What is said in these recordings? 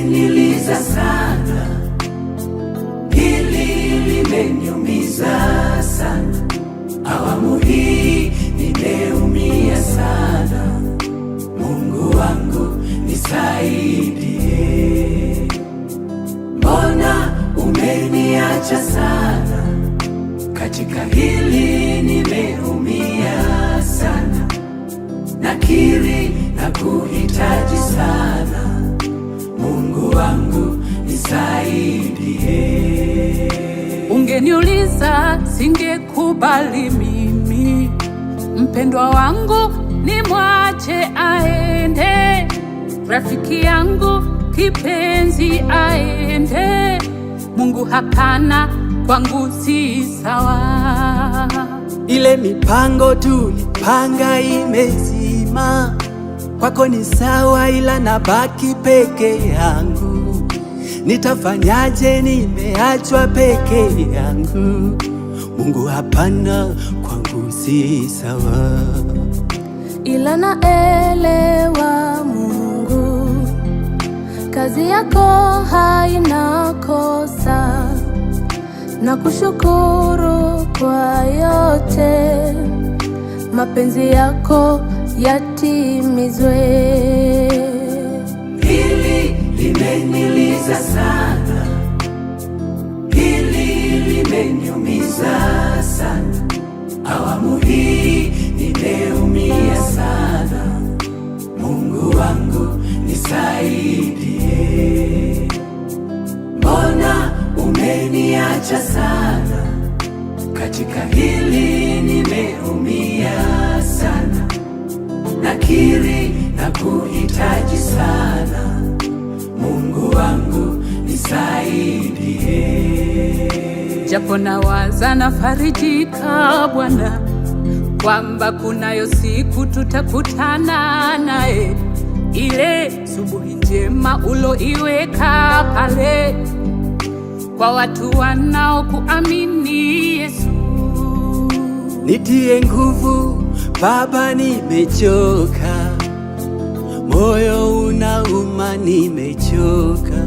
niliza sana, hili limeniumiza sana, awamu hii nimeumia sana. Mungu wangu nisaidie, mbona umeniacha sana? Katika hili nimeumia sana, nakiri na kuhitaji sana wangu nisaidie. Ungeniuliza singekubali mimi, mpendwa wangu nimwache aende, rafiki yangu kipenzi aende. Mungu hapana, kwangu si sawa. Ile mipango tulipanga imezima, kwako ni sawa, ila nabaki peke yangu. Nitafanyaje nimeachwa peke yangu? Mungu, hapana, kwangu si sawa, ila naelewa Mungu, kazi yako haina kosa, na kushukuru kwa yote, mapenzi yako yatimizwe. umeniacha sana, katika hili nimeumia sana, nakiri na kuhitaji sana, Mungu wangu nisaidie, japo nawaza nafarijika Bwana kwamba kunayo siku tutakutana naye, ile subuhi njema uloiweka pale kwa watu wanaokuamini Yesu. Nitie nguvu Baba, nimechoka, moyo unauma, nimechoka,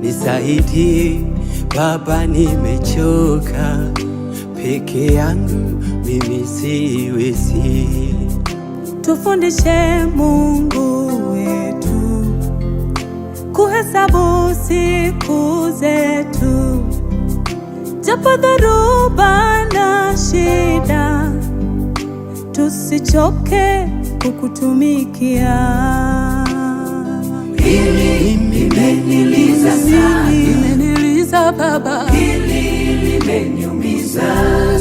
nisaidie Baba, nimechoka, peke yangu mimi siwezi. Tufundishe Mungu tunahesabu siku zetu, japo dhoruba na shida, tusichoke kukutumikia. Hili limeniliza sana, limeniliza Baba, hili limeniumiza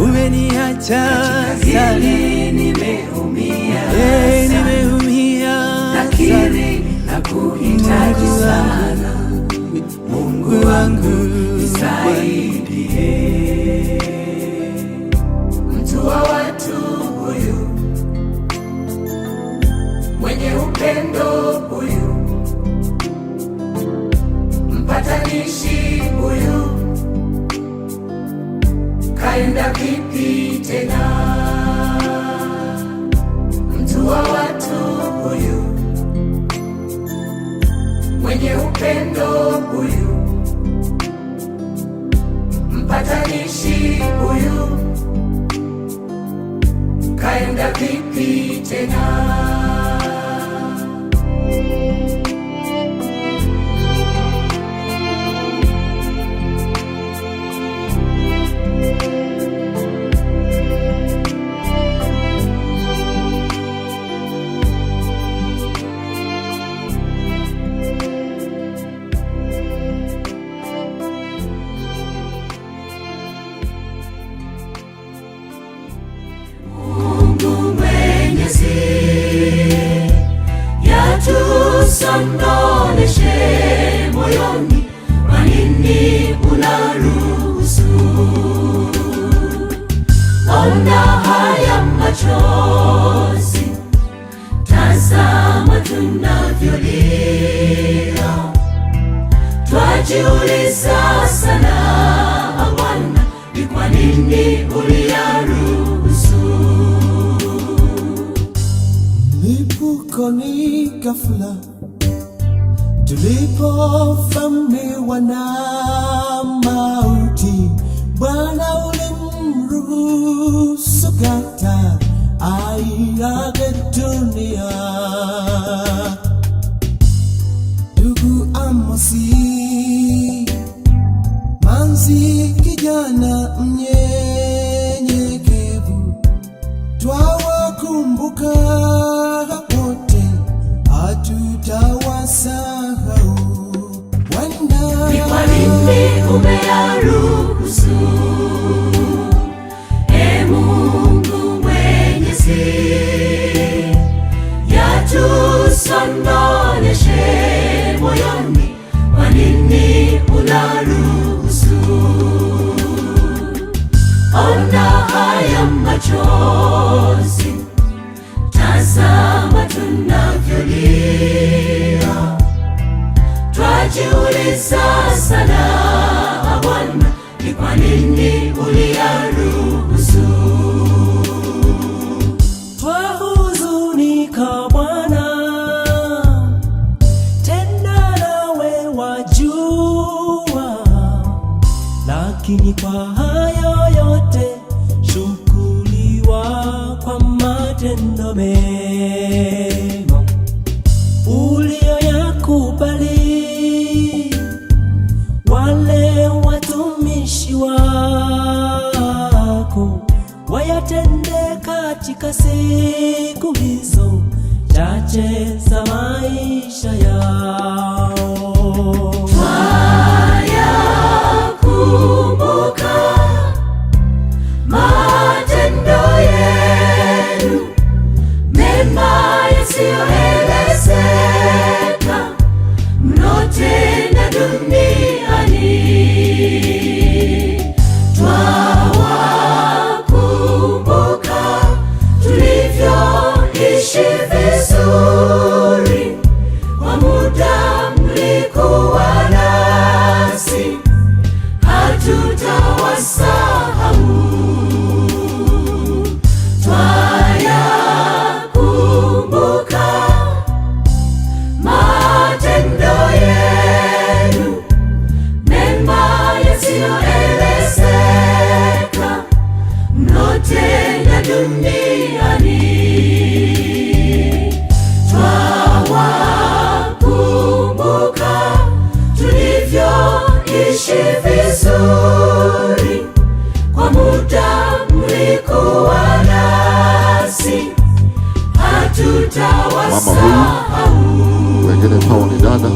umeniacha umeniacha nimeumia lakini nakuhitaji sana Mungu wangu, Mungu moyoni ghafla, tulipofamiwa na mauti, Bwana ulimruhusu sukata aiage dunia. Ndugu Amosi Manzi, kijana mnyenyekevu, twawakumbuka hatutawasahau Bwana. Ni kwa nini umeyaruhusu, e Mungu Mwenyezi, yatusondoneshe moyoni, kwa nini unaruhusu? Ona haya machozi, tazama tuna Tulia, twajiuliza sana Bwana, ni kwa nini uliyaruhusu? Twahuzunika Bwana, tena nawe wajua, lakini kwa hayo yote shukuriwa kwa matendo mema. mama huyu, wengine kwao ni dada,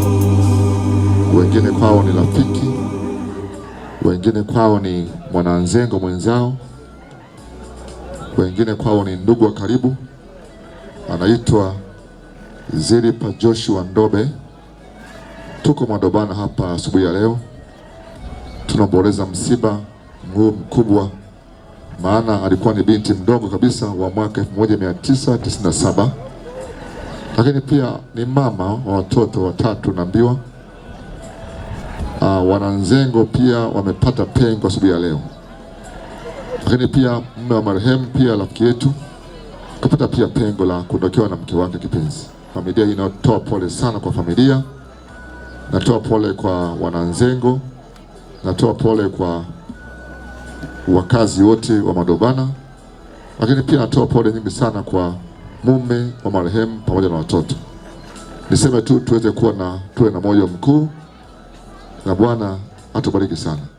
wengine kwao ni rafiki, wengine kwao ni mwananzengo mwenzao, wengine kwao ni ndugu wa karibu. Anaitwa Zilipa Joshua Ndobe. Tuko Mwadobana hapa asubuhi ya leo, tunaomboleza msiba huu mkubwa, maana alikuwa ni binti mdogo kabisa wa mwaka 1997 lakini pia ni mama wa watoto watatu naambiwa. Uh, ah, wananzengo pia wamepata pengo asubuhi ya leo, lakini pia mume wa marehemu pia rafiki yetu kapata pia pengo la kuondokewa na mke wake kipenzi. Familia hii inatoa pole sana kwa familia, natoa pole kwa wananzengo, natoa pole kwa wakazi wote wa Madobana, lakini pia natoa pole nyingi sana kwa mume wa marehemu pamoja na watoto. Niseme tu tuweze kuwa na tuwe na moyo mkuu, na Bwana atubariki sana.